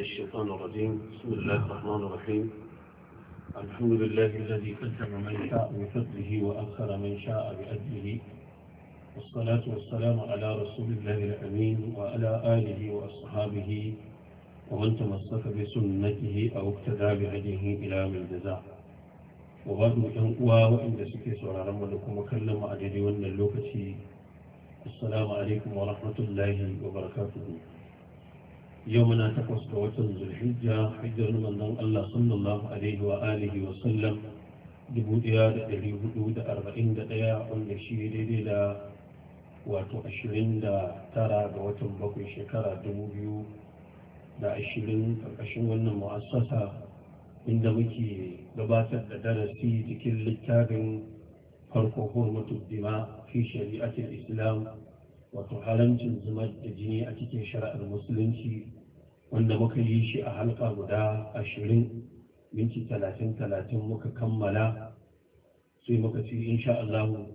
الشيطان الرجيم بسم الله الرحمن الرحيم الحمد لله الذي قدم من شاء بفضله وأخر من شاء بأجله والصلاة والسلام على رسول الله الأمين وعلى آله وأصحابه ومن تمسك بسنته أو اقتدى بهديه إلى من جزاء وبعد أن أوا وإن سكي سورة رمضكم وكلم أجدي ون اللوكتي السلام عليكم ورحمة الله وبركاته yau muna takwas ga watan zulhijja hijjar manzon Allah sallallahu alaihi wa alihi wa sallam 1441 wanda shi daidai da wato 29 ga watan bakwai shekara 2000 da 20 karkashin wannan mu'asasa inda muke gabatar da darasi cikin littafin farko hurmatu dima fi shari'atul islam wato haramcin zuma da jini a cikin shari'ar musulunci wanda muka yi shi a halka guda ashirin minti talatin talatin muka kammala sai muka ci insha Allah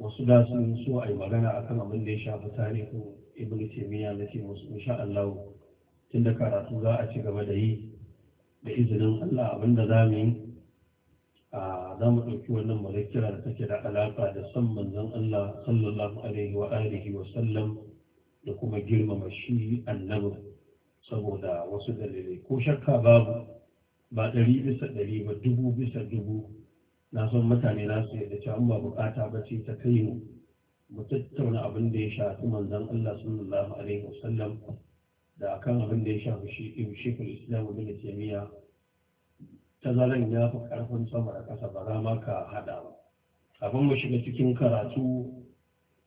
wasu da sun so a yi magana akan abin da ya shafi tarihin ibn taimiyya na ce musu insha Allah tun da karatu za a ci gaba da yi da izinin Allah da za mu yi a za mu ɗauki wannan mazakira da take da alaƙa da san manzon Allah sallallahu alaihi wa alihi wa sallam da kuma girmama shi annabin saboda wasu dalilai ko shakka babu ba ɗari bisa ɗari ba dubu bisa dubu na son mutane na su yadda cewa ba bukata ba ce ta kai mu mu tattauna abin da ya shafi manzon Allah sallallahu alaihi wasallam da akan abin da ya shafi shi ibn shekul islam ibn taymiya tazaran ya fi karfin sama da kasa ba za ma ka hada ba Abin mu shiga cikin karatu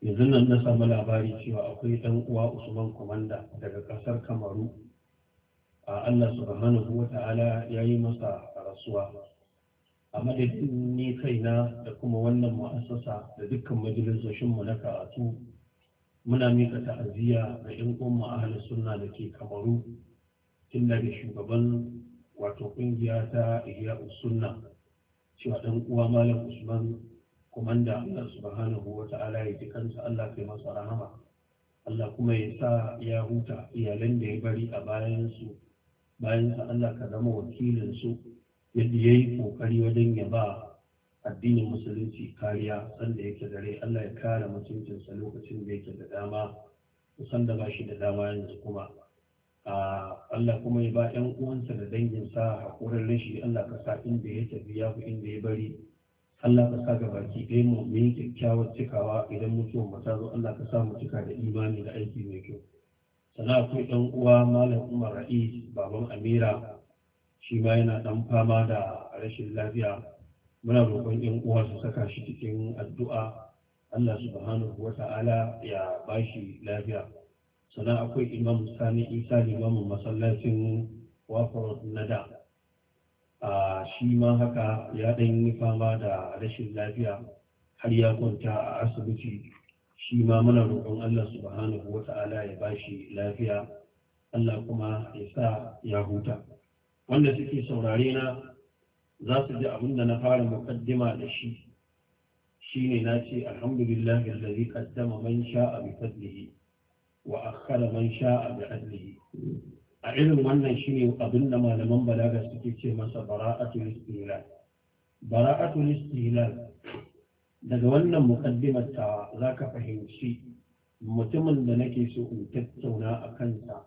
yanzu nan na samu labari cewa akwai ɗan uwa usman komanda daga ƙasar kamaru a allah subhanahu wa ta'ala ya yi masa rasuwa a madadin ni kaina da kuma wannan ma'asasa da dukkan mu na karatu muna mika ta'aziyya ga 'yan uwan ahalin sunna da ke kamaru tun daga shugaban wato ƙungiya ta iya usunna. cewa ɗan uwa malam usman Kuman da Allah subhanahu wa ta'ala ya jikan kansa Allah kai masa rahama Allah kuma ya sa ya huta iyalan da ya bari a bayan su bayan sa Allah ka zama wakilin su ya yayi kokari wajen ya ba addinin musulunci kariya sanda yake dare Allah ya kare mutuncinsa lokacin da yake da dama sanda ba shi da dama yanzu kuma Allah kuma ya ba 'yan uwansa da danginsa haƙurin rashi Allah ka sa inda ya tafi ya fi inda ya bari Allah ka sa ga baki ɗaya mu mu yi kyakkyawar cikawa idan mu so ta zo Allah ka sa mu cika da imani da aiki mai kyau sannan akwai ɗan uwa malam Umar rais baban Amira shi ma yana ɗan fama da rashin lafiya muna roƙon ƴan uwa su saka shi cikin addu'a Allah subhanahu wa ta'ala ya bashi lafiya sannan akwai Imam Sani Isa limamin masallacin Wafarot Nada shi ma haka ya ɗan yi fama da rashin lafiya har ya kwanta a asibiti shi ma muna roƙon Allah subhanahu wa ta'ala ya ba shi lafiya Allah kuma ya sa ya huta wanda suke saurare na za su ji abin da na fara muƙaddima da shi shi ne na ce alhamdulillah zari kaddama man sha'a bi fadlihi wa akhara man sha'a bi a irin wannan shine abin da malaman balaga suke ce masa bara'atul istihlal bara'atul istihlal daga wannan muqaddimar ta zaka fahimci mutumin da nake so in tattauna a kansa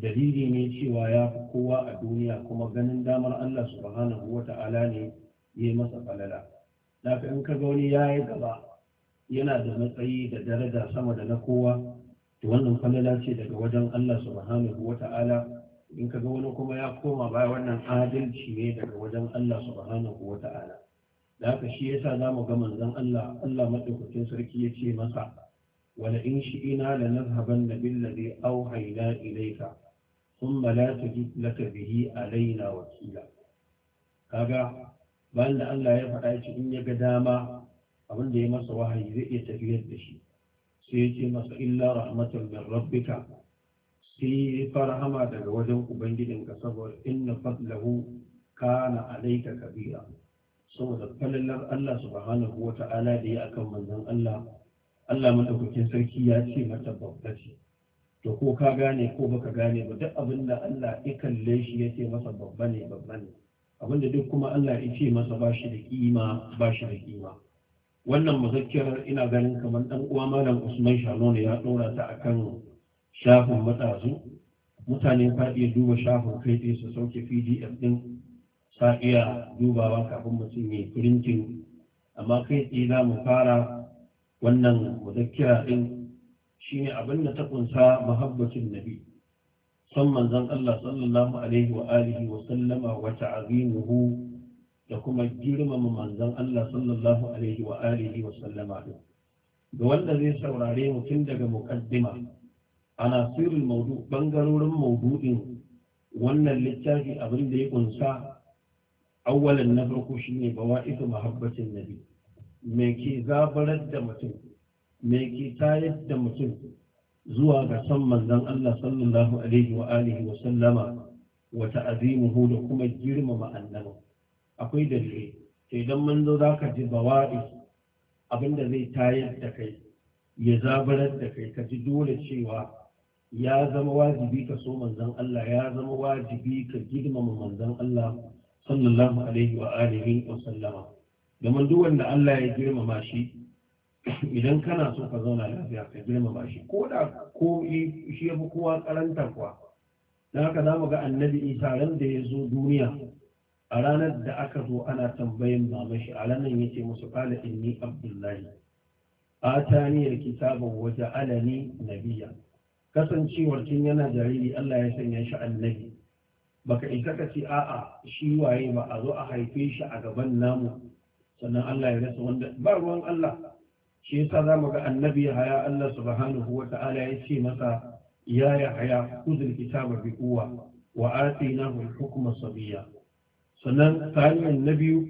dalili ne cewa ya fi kowa a duniya kuma ganin damar Allah subhanahu wa ta'ala ne ya masa falala Dafa in ka ga wani ya yi gaba yana da matsayi da daraja sama da na kowa wannan falala ce daga wajen Allah subhanahu ta'ala in ka ga wani kuma ya koma baya wannan adalci ne daga wajen Allah subhanahu ta'ala da haka shi yasa za mu ga manzon Allah Allah madaukakin sarki ya ce masa wala in ina la nazhaban billadhi awhayna ilayka thumma la tajid laka bihi alaina wakila kaga bayan da Allah ya faɗa shi in ya ga dama abin da ya masa wahayi zai iya tafiyar da shi sai yake masa illa rahmatan min rabbika sai farhama daga wajen ubangijinka saboda inna fadlahu kana alayka kabira saboda falalar Allah subhanahu wa ta'ala da ya akan manzon Allah Allah madaukakin sarki ya ce mata babba ce to ko ka gane ko baka gane ba duk abin da Allah ya kalle shi ya ce masa babba ne babba ne abin da duk kuma Allah ya ce masa ba shi da kima ba shi da kima wannan mazakiyar ina ganin kamar dan uwa malam usman shalon ya ɗora ta akan shafin matsazu mutane ka iya duba shafin kai tsaye su sauke pdf din sa iya dubawa kafin mutum ya printing amma kai tsaye za mu fara wannan muzakkira din shine abin da ta kunsa muhabbatin nabi son manzon Allah sallallahu alaihi wa alihi wa sallama wa ta'azimuhu da kuma girmama manzon Allah sallallahu alaihi wa alihi wa sallama wanda zai saurare mutum daga muqaddima ana sirrin maudu bangarorin maudu'in wannan littafi abin da ya kunsa awwalan na farko shine bawa'idu mahabbatin nabi me ke zabarar da mutum me ke tayar da mutum zuwa ga san manzon Allah sallallahu alaihi wa alihi wa sallama wa ta'zimuhu da kuma girmama annabi akwai dalilai Sai idan mun zo za ka ji bawa'i abinda zai tayar da kai ya zabarar da kai ka ji dole cewa ya zama wajibi ka so manzan Allah ya zama wajibi ka girmama manzan Allah sallallahu alaihi wa alihi wa sallama domin duk wanda Allah ya girmama shi idan kana so ka zauna lafiya ka girmama shi ko da ko shi ya fi kowa karanta kuwa don haka za mu ga annabi isa ran da ya zo duniya a ranar da aka zo ana tambayin mamashi a ranar ya ce musu kala inni abdullahi atani alkitaba wa ja'alani nabiyya kasancewar tun yana jariri Allah ya sanya shi annabi baka isa ka ce a'a shi waye ba a zo a haife shi a gaban namu sannan Allah ya rasa wanda ba ruwan Allah shi yasa za mu ga annabi haya Allah subhanahu wa ta'ala ya ce masa ya ya haya kuzul kitaba bi quwwa wa atinahu hukuma hukma sabiyya sannan ta hanyar na biyu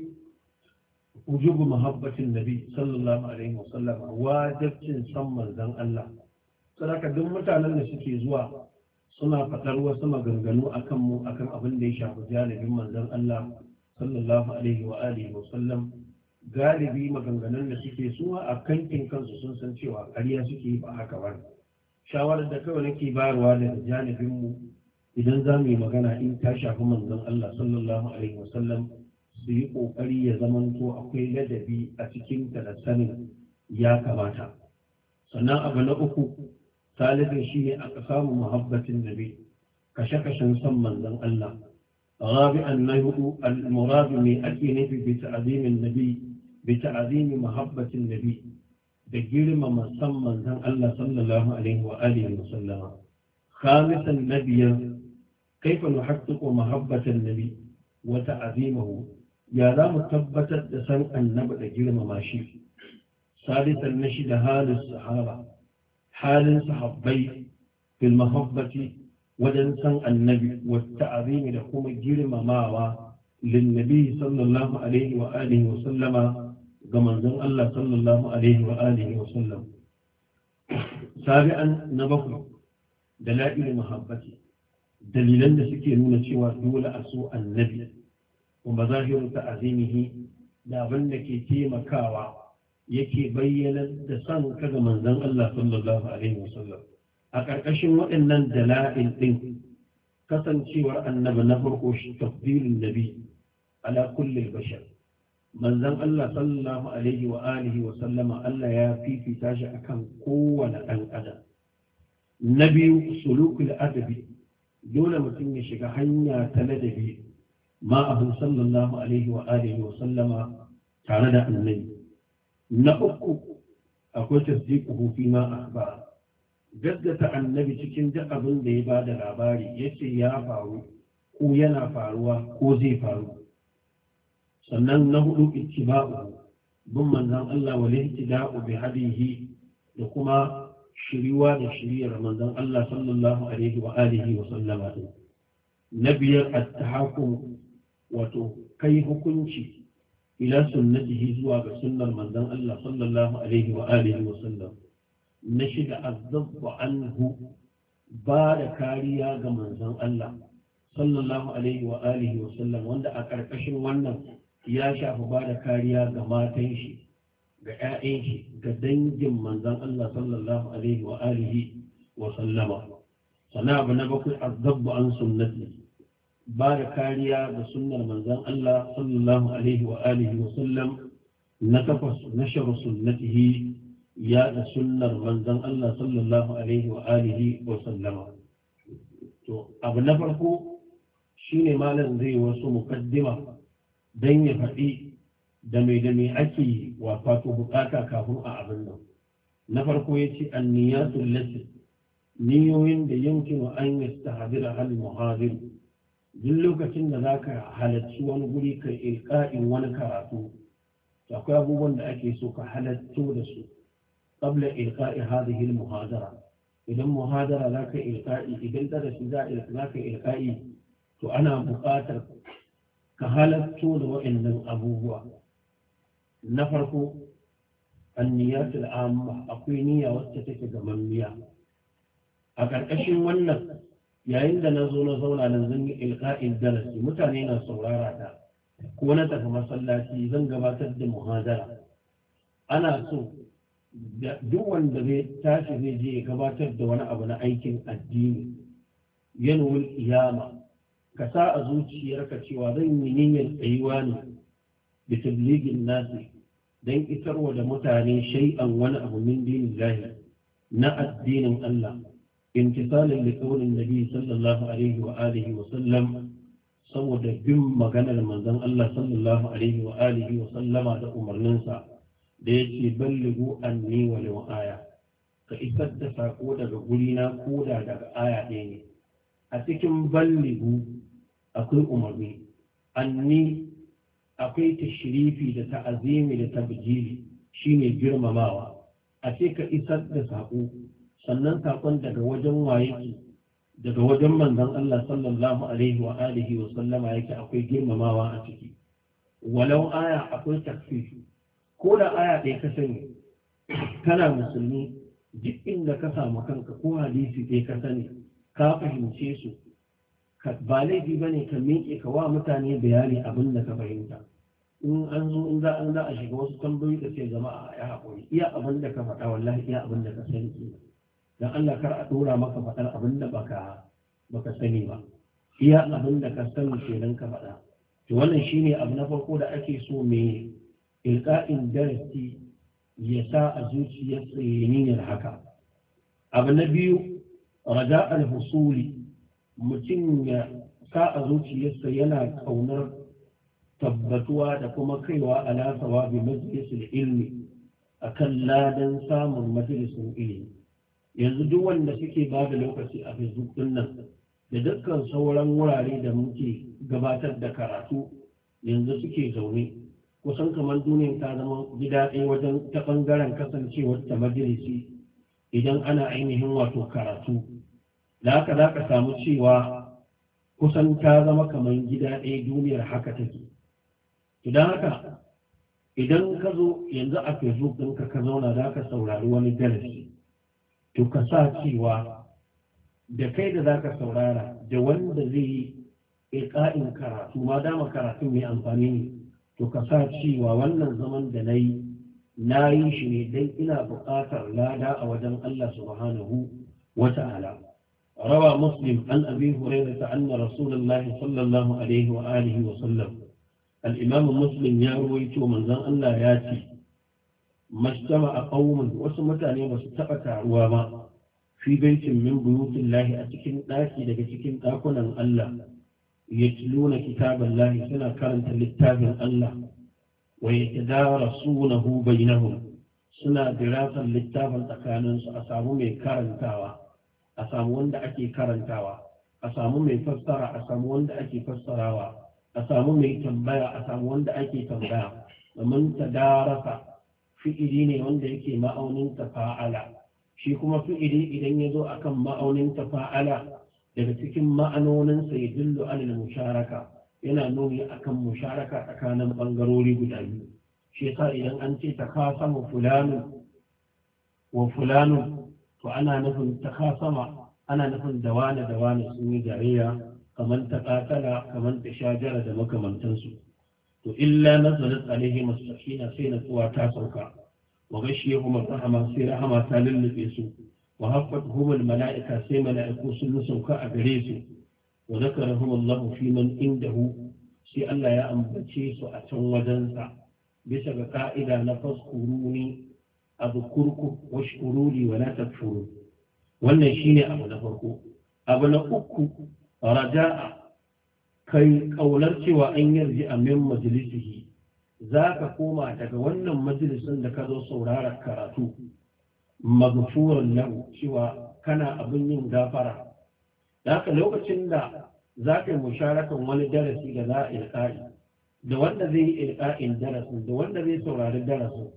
wujubu muhabbatin nabi sallallahu alaihi wa sallam. wajibcin san manzon Allah saboda duk mutanen da suke zuwa suna fatar wasu maganganu akan mu akan abin da ya shafi jalibin manzon Allah sallallahu alaihi wa alihi sallam galibi maganganun da suke suwa a kankin kansu sun san cewa ƙarya suke ba haka ba shawarar da kawai nake bayarwa daga janibin mu idan za mu yi magana in ta shafi manzon Allah sallallahu alaihi wasallam su yi ƙoƙari ya zamanto akwai ladabi a cikin ta sanin ya kamata sannan abu na uku talibin shi ne aka samu muhabbatin nabi kashe-kashen son manzon Allah rabi'an na hudu al murabi mai ake nufi bi ta'azimin nabi bi ta'azimi muhabbatin nabi da girmama son manzon Allah sallallahu alaihi wa alihi wa sallama khamisan nabiyan kaifa nuhaqqiqu mahabbatan nabi wa ta'zimahu ya za mu tabbatar da san annabi da girmama shi salisan na shida halin sahaba halin sahabbai fil mahabbati wajen san annabi wa da kuma girmamawa للنبي صلى الله عليه وآله وسلم كما أنزل الله صلى الله عليه وآله وسلم سابعا نبقى دلائل محبته dalilan da suke nuna cewa dole a so annabi wa mazahiru ta azimihi da abin da ke taimakawa yake bayyana da san kaga manzon Allah sallallahu alaihi wasallam a ƙarƙashin waɗannan dala'il ɗin kasancewar annabi na farko shi tafdirin nabi ala kulli bashar manzon Allah sallallahu alaihi wa alihi wa sallama Allah ya fifita shi akan kowane ɗan adam na biyu sulukul adabi dole mutum ya shiga hanya ta ladabi ma abin sallallahu alaihi wa alihi wa sallama tare da annabi na uku akwai tasdiquhu fi ma akhbara gaggata annabi cikin duk abin da ya ba da labari yace ya faru ko yana faruwa ko zai faru sannan na hudu ittiba'u bin manzon Allah wa lihtida'u bi hadihi da kuma shiriwa da shiriyar manzon Allah sallallahu alaihi wa alihi wa sallama din na biyar at-tahakkum wato kai hukunci ila sunnatihi zuwa ga sunnar manzon Allah sallallahu alaihi wa alihi wa sallam na shida azzabbu anhu ba da kariya ga manzon Allah sallallahu alaihi wa alihi wa sallam wanda a karkashin wannan ya shafi ba da kariya ga matan shi ga 'ya'yan shi ga dangin manzan Allah sallallahu alaihi wa alihi wa sallama sana abu na bakwai azzabu an sunnati ba da kariya ga sunnar manzan Allah sallallahu alaihi wa alihi wa sallam na takwas nashar sunnatihi ya da sunnar manzan Allah sallallahu alaihi wa alihi wa sallama to abu na farko shine malam zai wasu mukaddima dan ya faɗi da mai da mai ake wafato bukata kafin a abin nan na farko ya ce anniyatul lati niyoyin da yankin wa an yastahadira hal muhadir duk lokacin da zaka halarci wani guri ka ilka'in wani karatu akwai abubuwan da ake so ka halatto da su qabla ilka'i hadhihi al muhadara idan muhadara zaka ilka'i idan darasi zaka ilka'i to ana buƙatar ka halatto da waɗannan abubuwa na farko anniyatul amma akwai niyya wacce take miya. a ƙarƙashin wannan yayin da na zo na zauna nan zan yi ilka'in darasi mutane na saurara ta ko na tafi masallaci zan gabatar da muhadara ana so duk wanda zai tashi zai je ya gabatar da wani abu na aikin addini yanwul iyama ka sa a zuciyarka cewa zan yi niyyar tsayuwa ne da tabligin nasi don wa da mutane shay'an wani abu min dinin lahi na addinin Allah intisalin da kaunin nabi sallallahu alaihi wa alihi wa sallam saboda bin maganar manzon Allah sallallahu alaihi wa alihi wa sallama da umarninsa da yake balligu anni wa aya ka isar da sako daga gurina koda daga aya ɗaya ne a cikin balligu akwai umarni anni akwai tashrifi da ta'azimi da tabjili shine girmamawa a ce ka isar da saƙo sannan saƙon daga wajen waye daga wajen manzon Allah sallallahu alaihi wa alihi wa sallama yake akwai girmamawa a ciki walau aya akwai takfifi ko da aya ɗaya ka sani kana musulmi duk inda ka samu kanka ko hadisi ɗaya ka sani ka fahimce su ba laifi ba ne ka miƙe ka wa mutane bayani abin da ka fahimta in an zo in za a shiga wasu tambayoyi da zama a ya haƙuri iya abin da ka faɗa wallahi iya abin da ka sani ke dan Allah kar a dora maka faɗar abin da baka baka sani ba iya abin da ka sani kenan ka faɗa to wannan shine abu na farko da ake so me ilqa'in darasi ya sa a zuciyar ya da haka abu na biyu raja'al husuli mutum ya sa a zuciyarsa yana ƙaunar tabbatuwa da kuma kaiwa ala bi majalisar ilmi a kan ladan samun majalisar ilimi yanzu duk wanda suke ba da lokaci a facebook din nan da dukkan sauran wurare da muke gabatar da karatu yanzu suke zaune kusan kamar duniyar ta zama gida ɗaya wajen ta ɓangaren kasancewar ta majalisi idan ana ainihin wato karatu da haka za ka samu cewa kusan ta zama kamar gida ɗaya duniyar haka take idan haka idan ka zo yanzu a facebook ɗinka ka zauna za ka saurari wani darasi to ka sa cewa da kai da za ka saurara da wanda zai yi ƙa'in karatu ma dama karatun mai amfani ne to ka sa cewa wannan zaman da na yi na yi shi ne don ina buƙatar lada a wajen allah subhanahu wa ta'ala روى مسلم عن أبي هريرة أن رسول الله صلى الله عليه وآله وسلم الإمام مسلم يروي من ذن الله ياتي ما اجتمع قوم وسمتاني واستقطع وما في بيت من بيوت الله أتكن لكي لكتكن تاكنا الله يتلون كتاب الله سنة كرنت للتاب الله ويتدارسونه بينهم سنة دراسا للتاب تكانن أصابهم كرنتاوا a samu wanda ake karantawa a samu mai fassara a samu wanda ake fassarawa a samu mai tambaya a samu wanda ake tambaya domin ta darasa fi'ili ne wanda yake ma'aunin ta fa'ala shi kuma fi'ili idan ya zo akan ma'aunin ta fa'ala daga cikin ma'anoninsa ya dillo anil musharaka yana nuni akan musharaka tsakanin bangarori guda biyu shi yasa idan an ce ta kasamu fulanu wa fulanu to ana nufin sama ana nufin dawana dawana sun yi jariya kamar ta katala kamar ta shajara da makamantansu to illa nazarin alaihi masakina sai na tsuwa ta sauka wa kuma rahama sai rahama ta lullube su wa haqqatuhum malaika sai malaiku sun sauka a gare su wa zakarahum Allah fi man indahu sai Allah ya ambace su a can wajensa bisa ga ka'ida na faskuruni أذكركم واشكروا لي ولا تكفروا wannan shine abu na farko abu na uku raja'a kai kaular cewa an yarji a min majalisihi za ka koma daga wannan majalisin da ka zo saurara karatu magfuran lahu cewa kana abin yin gafara haka lokacin da za yi musharakan wani darasi da za a ilka'i da wanda zai yi ilka'in darasin da wanda zai saurari darasin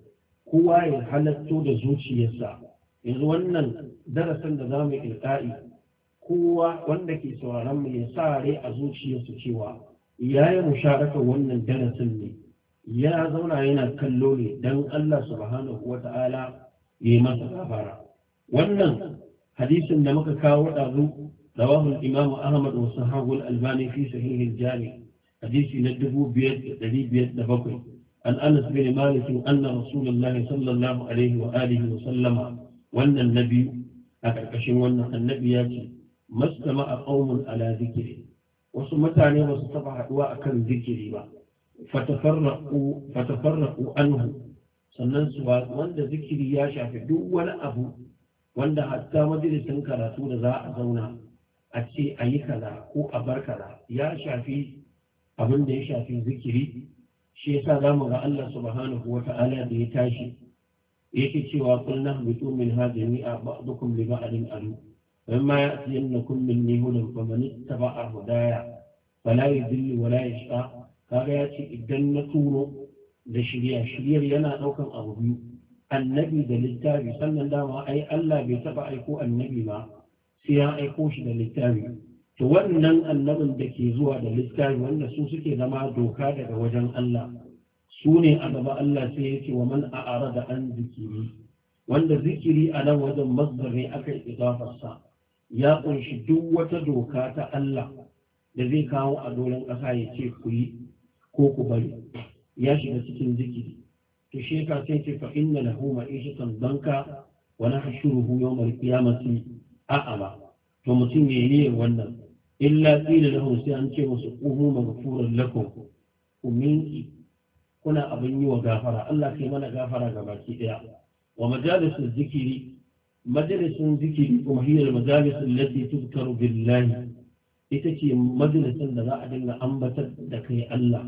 kowa ya halatto da zuciyarsa yanzu wannan darasin da za mu ilka'i kowa wanda ke sauraron mu ya sa rai a zuciyarsa cewa ya yi musharaka wannan darasin ne ya zauna yana kallo ne don Allah subhanahu wa ta'ala ya yi masa kafara wannan hadisin da muka kawo ɗazu رواه الإمام ahmad وصححه الألباني في صحيح الجامع حديث ندبو بيد دليل an anas bin malik anna rasulullahi sallallahu alaihi wa alihi wa sallama wannan nabi a karkashin wannan annabi ya ce mastama a qaumun ala zikiri wasu mutane ba su taba haduwa akan zikiri ba fatafarraqu fatafarraqu anhu sannan su wanda zikiri ya shafi duk wani abu wanda hatta majalisin karatu da za a zauna a ce a yi kaza ko a bar kaza ya shafi abin da ya shafi zikiri shi yasa za mu ga Allah subhanahu wa ta'ala da ya tashi yake cewa kullum bitu min ha jami'a ba'dukum li ba'din alu amma ya'tiyannakum minni hudan faman ittaba'a hudaya fala yudillu wa la yashqa kaga ya ce idan na turo da shirya shiryar yana daukan abu biyu annabi da littafi sannan dama ai Allah bai taba aiko annabi ba sai ya aiko shi da littafi to wannan annabin da ke zuwa da littafi wanda su suke zama doka daga wajen Allah su ne a gaba Allah sai ya ce wa man ara da an zikiri wanda zikiri a nan wajen mazdari aka yi idafarsa ya kunshi duk wata doka ta Allah da zai kawo a doron ƙasa ya ce ku yi ko ku bari ya shiga cikin zikiri to shi ka sai ce fa inna lahu ma'ishatan banka wa nahshuruhu yawmal qiyamati a'ama to mutum yayi wannan illa qila lahum sai an ce musu qumu maghfuran lakum ku kuna abin yi wa gafara Allah kai mana gafara ga baki daya wa majalisul zikiri majalisun zikiri kuma hiyar majalisun lati tuzkaru billahi ita ce majalisun da za a dinga ambatar da kai Allah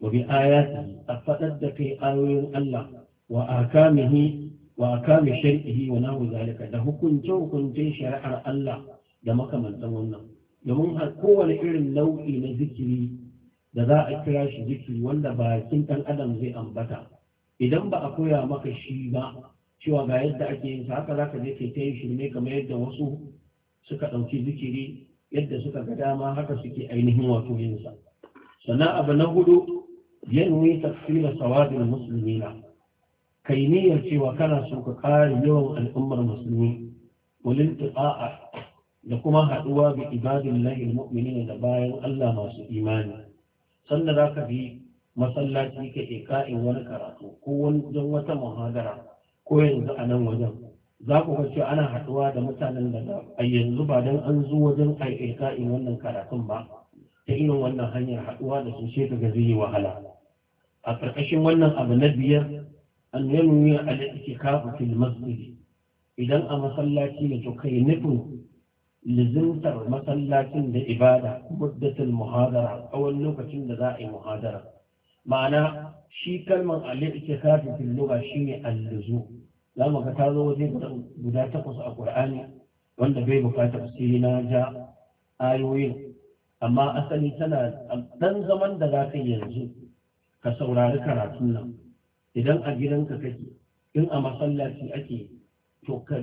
wa bi ayati a faɗar da kai ayoyin Allah wa akamihi wa akami shar'ihi wa nahu zalika da hukunce hukuncen shari'ar Allah da makamantan wannan domin kowane irin nau'i na zikiri da za a kira shi zikiri wanda bakin ɗan adam zai ambata idan ba a koya maka shi ba cewa ga yadda ake yin haka za ka je kai ta yin shirme kamar yadda wasu suka ɗauki zikiri yadda suka ga dama haka suke ainihin wato yin sa sannan abu na hudu yanwi tafsirin sawadin musulmina kai niyyar cewa kana so ka kare yawan al'ummar musulmi walin a'a. da kuma haɗuwa ga ibadun lahil mu'mini da bayan Allah masu imani sannan za ka bi masallaci ka ika'in wani karatu ko don wata muhadara ko yanzu a nan wajen za ku ga cewa ana haɗuwa da mutanen da a yanzu ba don an zo wajen a wannan karatun ba ta irin wannan hanyar haɗuwa da su sai daga zai yi wahala a ƙarƙashin wannan abu na biyar an yanuni a da ake kafa fil idan a masallaci ne to kai nufin lizimtar masallacin da ibada muddatul muhadara tsawon lokacin da za a yi muhadara ma'ana shi kalmar al kafi fil lugha shine al-luzu za mu ga ta waje guda takwas a ƙur'ani. wanda bai bukatar sai na ja ayoyin amma asali tana dan zaman da za ka yanzu ka saurari karatun nan idan a gidanka kake in a masallaci ake to ka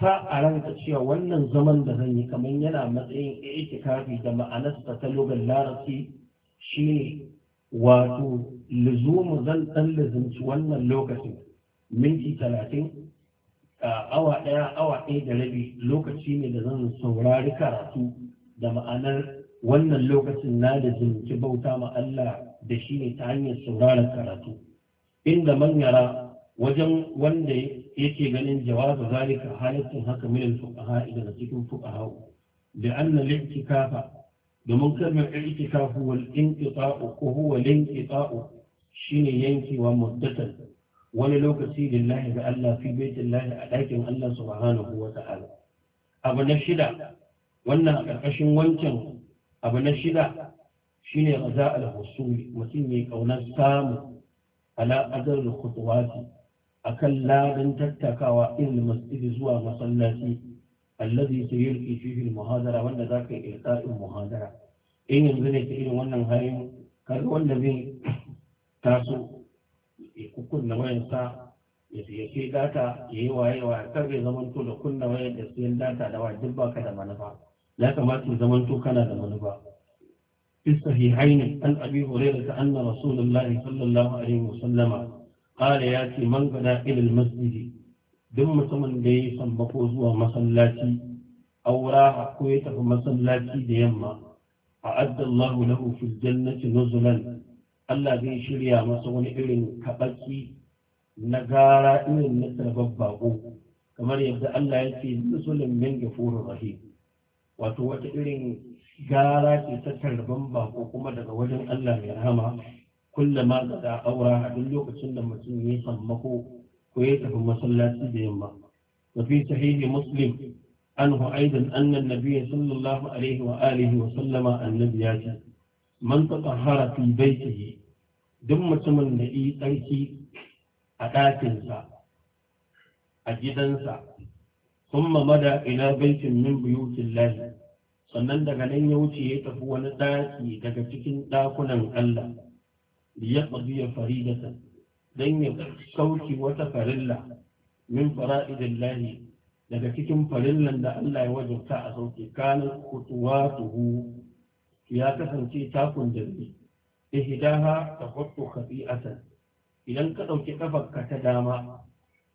sa a ranka cewa wannan zaman da zan yi kamar yana matsayin itikafi da ma'anarsa ta lugar larabci shine wato lizumu zan dan lizumci wannan lokacin minti talatin awa ɗaya awa ɗaya da rabi lokaci ne da zan saurari karatu da ma'anar wannan lokacin na da zumci bauta ma Allah da shi ne ta hanyar sauraron karatu inda manyara wajen wanda yake ganin jawabu zalika halattun haka min al-fuqaha daga cikin fuqaha da anna al-i'tikafa domin kalmar i'tikafu wal inqita'u ko huwa al-inqita'u shine yankewa muddatan wani lokaci lillahi ga Allah fi baitillahi a ɗakin Allah subhanahu wa ta'ala abu na shida wannan a ƙarƙashin wancan abu na shida shine raza al-husuli mutum mai ƙaunar samu ala adar al-khutuwati akan ladan tattakawa irin masjidi zuwa masallaci allazi sayulqi fihi almuhadara muhadara wanda zaka yi ilqa'in muhadara in yanzu ne ke irin wannan halin kaga wanda zai taso ya kunna sa ya ke data ya yi waye wa kar ya to da kunna wayar da sayan data da wa duk baka da manufa ya kamata ya to kana da manufa في الصحيحين عن ابي هريره ان رسول الله صلى الله عليه وسلم قال ياتي من غدا الى المسجد duk mutumin da ya samba tambako zuwa masallaci aura ko ya tafi masallaci da yamma a addallahu na fil jannati nuzulan Allah zai shirya masa wani irin kabaki na gara irin na tarbar bako kamar yadda Allah ya ce nuzulan min gafurur rahim wato wata irin gara ce ta tarban bako kuma daga wajen Allah mai rahama kullama da aura a duk lokacin da mutum ya sammako ko ya tafi masallaci da yamma wa fi sahihi muslim anhu aidan anna nabiyya sallallahu alaihi wa alihi wa sallama annabi ya ce man tatahhara fi baitihi duk mutumin da yi tsarki a ɗakinsa a gidansa kuma mada ila baitin min buyutin lahi sannan daga nan ya wuce ya tafi wani ɗaki daga cikin ɗakunan Allah liyaqdiya faridatan dan ya sauki wata farilla min fara'idillahi daga cikin farillan da Allah ya wajabta a sauke kana kutuwatuhu ya kasance takun da zai ihdaha tafattu khafi'atan idan ka dauki kafarka ta dama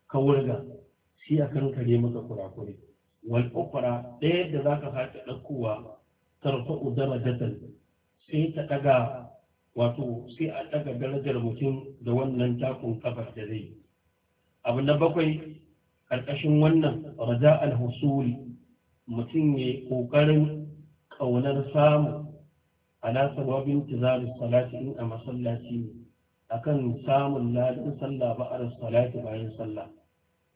ka wurga shi akan kare maka kurakure wal ukhra ɗaya da zaka sake ɗaukowa tarfa'u darajatan sai ta ɗaga. wato sai a ɗaga darajar mutum da wannan takun kafar da zai abu na bakwai ƙarƙashin wannan raja al-husuli mutum ya ƙoƙarin ƙaunar samu ala sababin tizarin salati in a masallaci ne akan samun ladin sallah ba ba'ar salati bayan sallah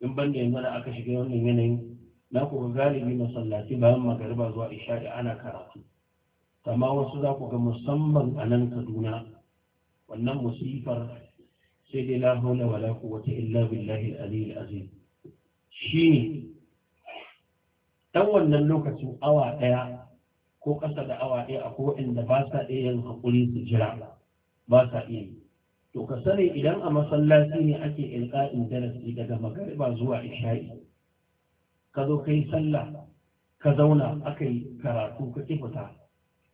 in ban da yanzu aka shiga wannan yanayin na kuma galibi masallaci bayan magariba zuwa isha'i ana karatu amma wasu za ku ga musamman a nan kaduna wannan musifar sai dai la haula la quwwata illa billahi al-aliyyil azim ne dan wannan lokacin awa daya ko kasa da awa daya akwai waɗanda ba sa iya yin haƙuri su jira ba sa iya yi to ka sani idan a masallaci ne ake ilqa'in darasi daga magariba zuwa isha'i ka zo kai sallah ka zauna aka yi karatu ka ki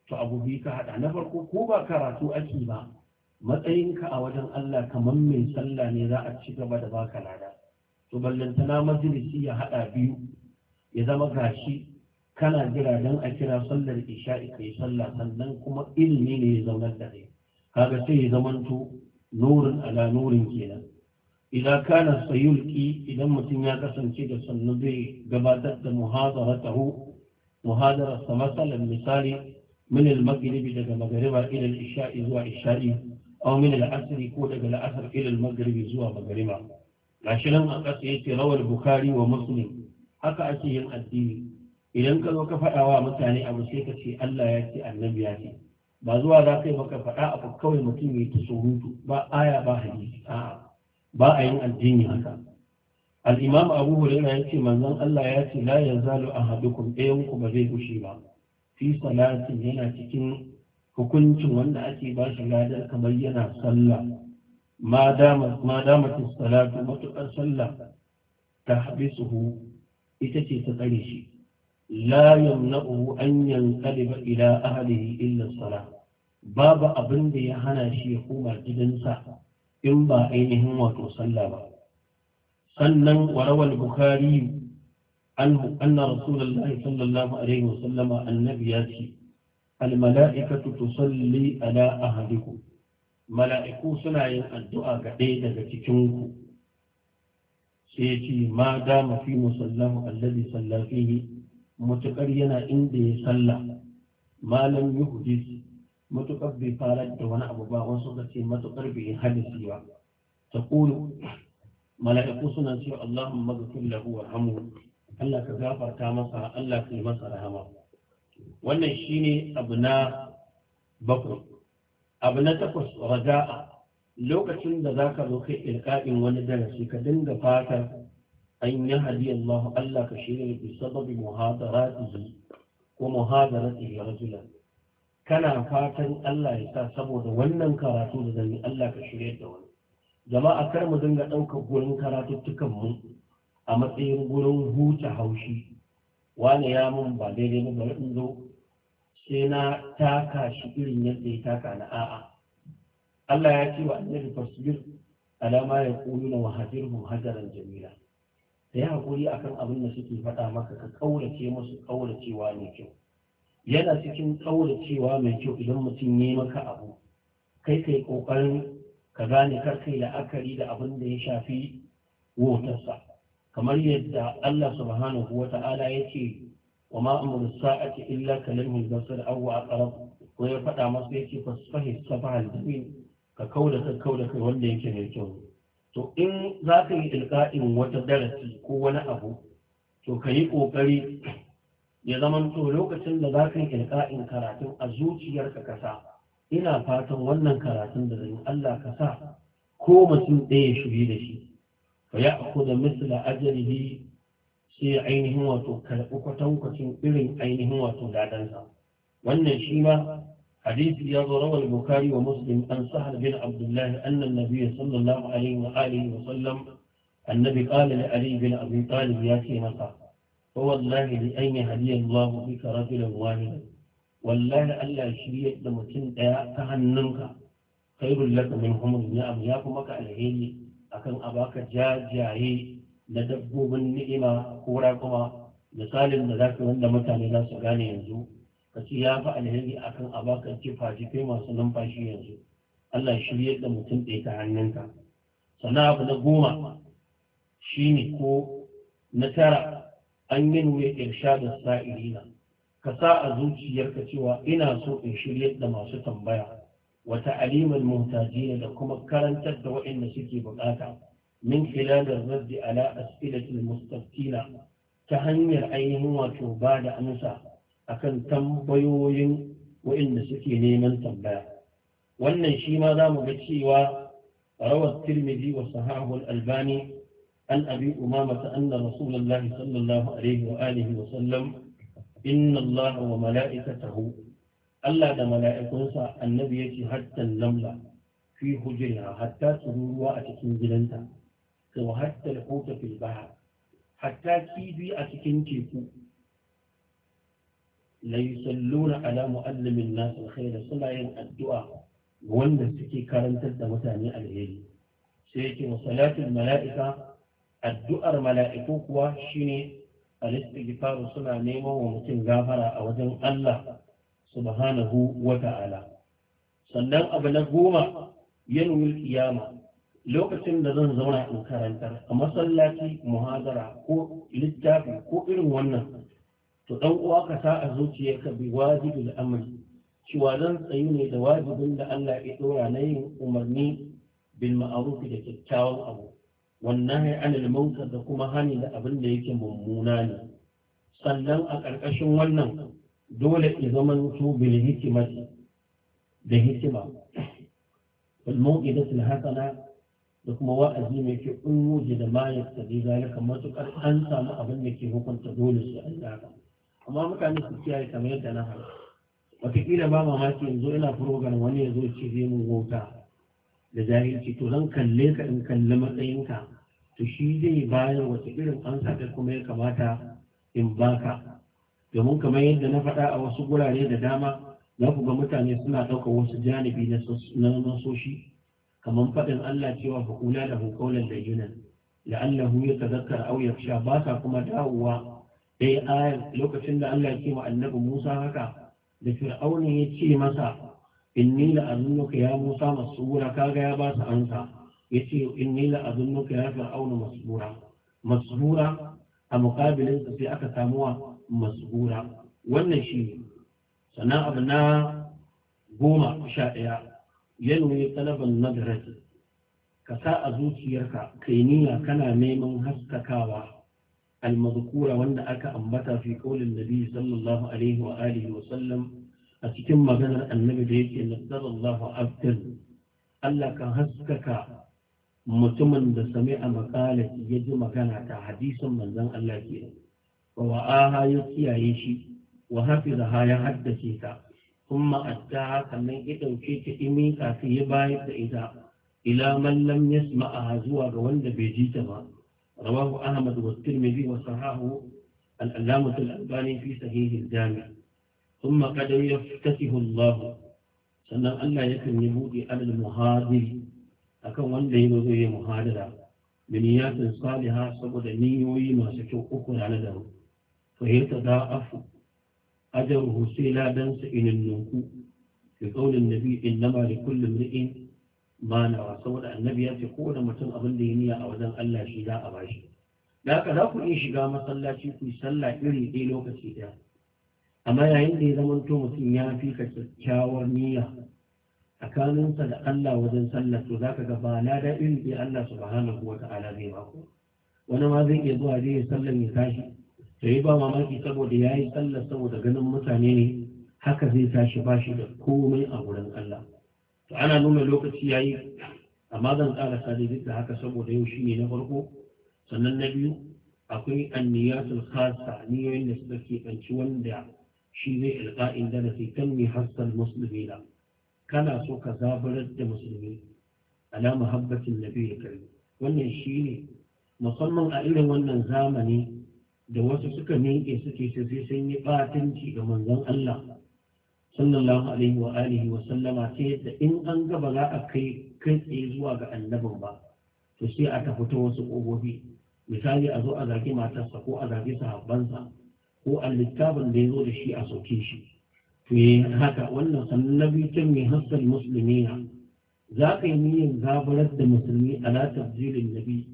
to abu biyu ka haɗa na farko ko ba karatu ake ba matsayinka a wajen Allah kamar mai sallah ne za a ci gaba da baka lada to ballantana majalisi ya haɗa biyu ya zama gashi kana jira dan a kira sallar isha'i kai sallah sannan kuma ilimi ne ya zauna da kai kaga sai ya zamanto nurin ala nurin kenan idan kana sayulki idan mutum ya kasance da sannu zai gabatar da muhadaratahu muhadara masalan misali min al daga magariba ila al-isha'i zuwa isha'i aw mini al-asr ko daga al-asr ila zuwa magariba gashi nan a ƙasa yace rawal bukhari wa muslim haka ake yin addini idan ka zo ka faɗawa wa mutane abu sai ka ce Allah ya ce annabi ya ba zuwa za ka yi maka faɗa abu kawai mutum ya ta surutu ba aya ba a'a ba a yin addini haka al-imam abu hurairah yace manzon Allah ya ce la yazalu ahadukum ɗayan ku ba zai bushe ba fi salatin yana cikin hukuncin wanda ake ba shi ladar kamar yana sallah ma damatin salatu matuƙar sallah ta habisuhu ita ce ta tsare shi la anyan an yanqaliba ila ahlihi illa sala babu abin da ya hana shi ya koma gidansa in ba ainihin wato sallah ba sannan warawal bukhari عنه أن رسول الله صلى الله عليه وسلم النبي ياتي الملائكة تصلي على أهلكم ملائكو سنة الدعاء قديدة تكنكو سيتي ما دام في مصلاه الذي صلى فيه متقرينا عندي صلى ما لم يحدث متقبي فارد وانا أبو باغ وصدتي متقربي حدثي تقول ملائكو سنة اللهم اغفر له وارحمه Allah ka gafarta masa Allah ka yi masa rahama wannan shine abu na bakwai abu na takwas raja'a lokacin da za ka zo kai ilka'in wani darasi ka dinga fata an yi hadi Allah Allah ka shirya bi sababi muhadaratihi ko muhadaratihi rajula kana fatan Allah ya sa saboda wannan karatu da zan yi Allah ka shirya da wani jama'a kar mu dinga ɗaukar gurin karatuttukan mu a matsayin gurin huta haushi Wani ya mun ba daidai ba bari in zo sai na taka shi irin yadda ya taka na a'a Allah ya ce wa annabi fasbir alama ya na wa hajirhum hajaran jamila da ya hakuri akan abin da suke faɗa maka ka ƙaurace musu ƙauracewa mai kyau yana cikin ƙauracewa mai kyau idan mutum ya maka abu kai kai ƙoƙarin ka gane kar la'akari da abin da ya shafi wotarsa kamar yadda Allah subhanahu wa ta'ala ya ce wa ma amru sa'ati illa kalamul basar aw aqrab ko ya faɗa masa yace fasfahi sabal jami'in ka kauda ka kauda kai wanda yake mai kyau to in za ka yi ilqa'in wata darasi ko wani abu to ka yi ƙoƙari ya zaman to lokacin da za ka yi ilka'in karatun a zuciyarka ka sa ina fatan wannan karatun da zan Allah ka sa ko mutum ɗaya shiri da shi fa ya akuda misla ajrihi sai ainihin wato karɓi kwatankwacin irin ainihin wato ladansa wannan shi ma hadisi ya zo rawar bukari wa muslim an sahar bin abdullahi annan nabi sallallahu alaihi wa alihi wa sallam annabi qala li ali bin abi talib ya ce masa fa wallahi li an yahdiya allah bika rajulan wahida wallahi allah shi da mutum daya ta hannunka khairul laka min humrin ya am ya kuma ka alheri akan a baka jajaye na dabbobin ni'ima ko raƙuma misalin da za ka wanda mutane za su gane yanzu ka ci ya fi alheri akan a baka jifa-jife masu numfashi yanzu Allah shirya da mutum ɗaya ta hannunka sannan abu na goma shi ne, ko na tara an yi nuna irsha da sa'irina ka sa a zuciyarka cewa ina so in shirya da masu tambaya wata aliman muhtajina da kuma karantar da waɗanda suke bukata min khilalar raddi ala as'ilatil mustaftina ta hanyar ainihin wato ba da amsa akan tambayoyin waɗanda suke neman tambaya wannan shi ma za mu ga cewa rawar tirmidhi wa sahahul albani an abi umamata anna rasulullahi sallallahu alaihi wa alihi wa sallam inna allaha wa mala'ikatahu Allah da mala'ikunsa annabi ya ce hatta namla fi hujira hatta ruwa a cikin gidanta sau hatta al-huta fil hatta kibi a cikin teku Lai yusalluna ala muallimin nas alkhair suna yin addu'a wanda suke karantar da mutane alheri sai yake wa mala'ika addu'ar mala'iku kuwa shine al-istighfar suna neman wa mutum gafara a wajen Allah subhanahu wa ta'ala sannan abu na goma yanwil kiyama lokacin da zan zauna in karantar a masallaci muhazara ko littafi ko irin wannan to ɗan uwa ka sa a ka bi wajibul amri cewa zan tsayi ne da wajibin da Allah ya ɗora na yin umarni bil ma'ruf da kyakkyawan abu wannan ya anil munkar da kuma hani da abin da yake mummuna ne sannan a ƙarƙashin wannan dole i zaman su bil hikimati da hikima wal mau'idatul hasana da kuma wa'azi mai ke in da mayar ta zalika matukar an samu abin da ke hukunta dole su an zaka amma mutane su kiyaye kamar yadda na hana wataƙila ba mamaki yanzu ina program wani ya zo ce zai mu wuta da jahilci to zan kalle ka in kalli matsayinka to shi zai bayar wata irin an da kuma ya kamata in baka domin kamar yadda na faɗa a wasu gurare da dama za ku ga mutane suna ɗaukar wasu janibi na nasoshi kamar faɗin Allah cewa faƙula da hukaulan da yunan la'allahu ya tazakkar au yaksha ba sa kuma dawowa dai ayar lokacin da Allah ya ce wa annabi Musa haka da fir'auna ya ce masa inni la'azunnuka ya Musa masura kaga ya ba su ansa yace inni la'azunnuka ya fir'auna masura masura a mukabilinsa sai aka wa. mazgura wannan shi ne abu na goma sha ɗaya yanayi talaban nadarati ka sa a zuciyarka kai niyya kana neman haskakawa almazkura wanda aka ambata fi kaulin nabi sallallahu alaihi wa alihi wa sallam a cikin maganar annabi da yake nadarallahu abdan Allah kan haskaka mutumin da sami a makalati ya ji magana ta hadisin manzon Allah kenan wa wa'aha ya kiyaye shi wa ha ya haddace ta kuma addaha sannan ya ɗauke ta imi kafin ya bayar da ita ila ya lam a zuwa ga wanda bai ji ta ba rawahu ahmad wa tirmidhi wa sahahu al-allamah al-albani fi sahih al-jami thumma qad yaftatihu Allah sannan Allah yakan yi buɗe alal muhadiri akan wanda ya zo ya muhadara biniyatin saliha saboda niyoyi masu kyau uku ranar da fahimta da afu ajaruhu sai ladansa inin nuku fi kaulin nabi innama li kulli mri'in ma nawa saboda annabi ya ce kowane mutum abin da ya niya a wajen Allah shi za a bashi da haka za iya shiga masallaci ku sallah iri ɗaya lokaci ɗaya amma yayin da ya zama to mutum ya fi ka kyakkyawar niyya tsakaninsa da Allah wajen sallah to za ka ga ba da iri ɗaya Allah subhanahu wa ta'ala zai ba wani ma zai iya zuwa zai sallan ya tashi sai ba mamaki saboda ya yi sallah saboda ganin mutane ne haka zai tashi ba shi da komai a wurin Allah to ana nuna lokaci ya yi amma zan tsara sadi duk da haka saboda yau shi ne na farko sannan na biyu akwai anniyatul khasa niyoyin da suka keɓanci wanda shi zai ilƙa'in da nasi kan mi hassan musulmi na kana so ka zabarar da musulmi ala muhabbatin nabi da wannan shi ne musamman a irin wannan zamani da wasu suka miƙe suke ce sai sun yi batanci ga manzon Allah sallallahu alaihi wa alihi wa sallama sai yadda in an ga ba za a kai kai tsaye zuwa ga annabin ba to sai a tafi ta wasu ƙofofi misali a zo a zagi matarsa ko a zagi sahabbansa ko a littafin da ya zo da shi a sauke shi to haka wannan sannan na biyu can mai musulmi na, za ka yi niyyar zabarar da musulmi ala tafsirin nabi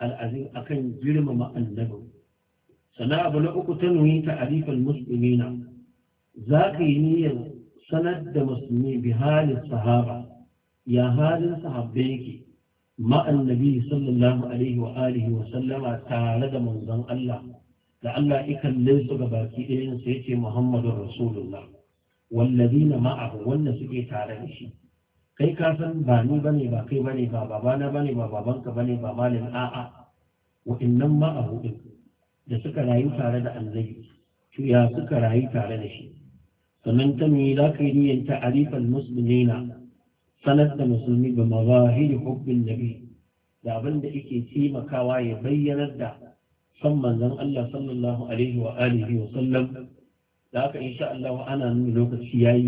al'azim akan girmama annabi Sana'a abu na uku ta nuyi ta arifin musulmina za ka yi niyyar sanar da musulmi bi halin sahaba ya halin sahabbai yake ma'an nabi sallallahu alaihi wa alihi wa sallama tare da manzon Allah da Allah ikan su ga baki ɗayan sa yace Muhammadun Rasulullah wallazina ma'ahu wanda suke tare da shi kai ka san ba ni bane ba kai bane ba babana bane ba babanka bane ba malin a'a wa innan ma'ahu din da suka rayu tare da annabi ya suka rayu tare da shi sannan ta me za ka yi niyyar ta'arifal muslimina sanar da musulmi ga mazahiri hubbin nabi da abin da yake taimakawa ya bayyanar da san manzon Allah sallallahu alaihi wa alihi wa sallam da haka insha Allah ana nuna lokaci yayi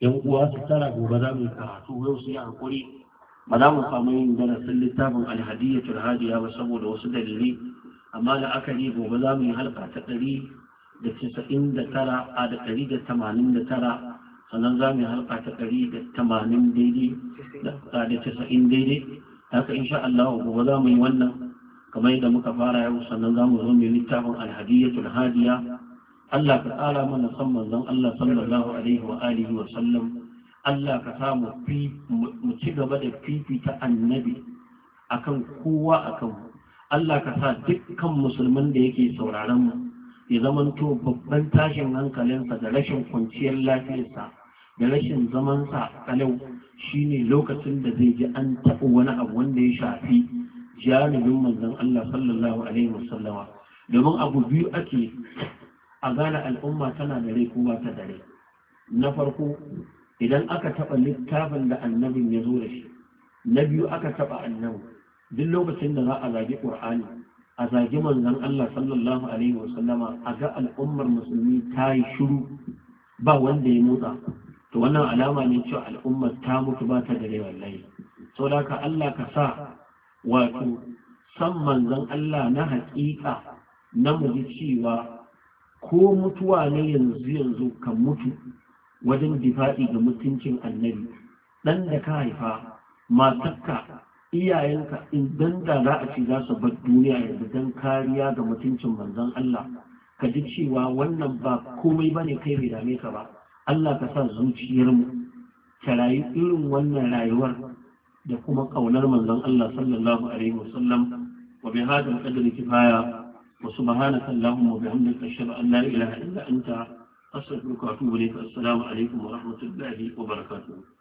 yan uwa su tara gobe za mu karatu yau sai hakuri ba za mu samu yin darasin littafin alhadiyatul hadiya ba saboda wasu dalilai amma da aka yi gobe za mu yi halka ta ɗari da casa'in da tara a da ɗari da tamanin da tara sannan za mu yi halka ta ɗari da tamanin daidai da casa'in daidai haka insha Allah gobe za mu yi wannan kamar yadda muka fara yau sannan za mu zo mu yi littafin alhadiyatul hadiya Allah ka ƙara mana son manzon Allah sallallahu alaihi wa alihi wa sallam Allah ka sa mu ci gaba da fifita annabi akan kowa akan mu Allah ka sa dukkan musulmin da yake sauraron mu ya zamanto babban tashin hankalinsa da rashin kwanciyar lafiyarsa da rashin zamansa kalau shine lokacin da zai ji an taɓa wani abu wanda ya shafi janibin manzon Allah sallallahu alaihi wasallama domin abu biyu ake a gane al'umma tana da rai kuma ta da rai na farko idan aka taɓa littafin da annabin ya zo da shi na biyu aka taɓa annabi duk lokacin da za a zagi ƙurani a zagi manzon Allah sallallahu alaihi a ga al'ummar musulmi ta yi shiru ba wanda ya motsa to wannan alama ne cewa al'ummar ta mutu ba ta da rai wallahi saboda ka Allah ka sa wato san manzon Allah na haƙiƙa na muji cewa ko mutuwa ne yanzu yanzu kan mutu wajen difaɗi ga mutuncin annabi ɗan da ka haifa matakka iyayenka idan da za a ce za su bar duniya yanzu don kariya ga mutuncin manzon Allah ka ji cewa wannan ba komai ba ne kai bai dame ka ba Allah ka sa zuciyarmu ta rayu irin wannan rayuwar da kuma ƙaunar manzon Allah sallallahu alaihi wa sallam wa bi hadal qadri kifaya wa subhanaka allahumma wa bihamdika ashhadu an la ilaha illa anta astaghfiruka wa atubu ilayk assalamu alaikum wa rahmatullahi wa barakatuh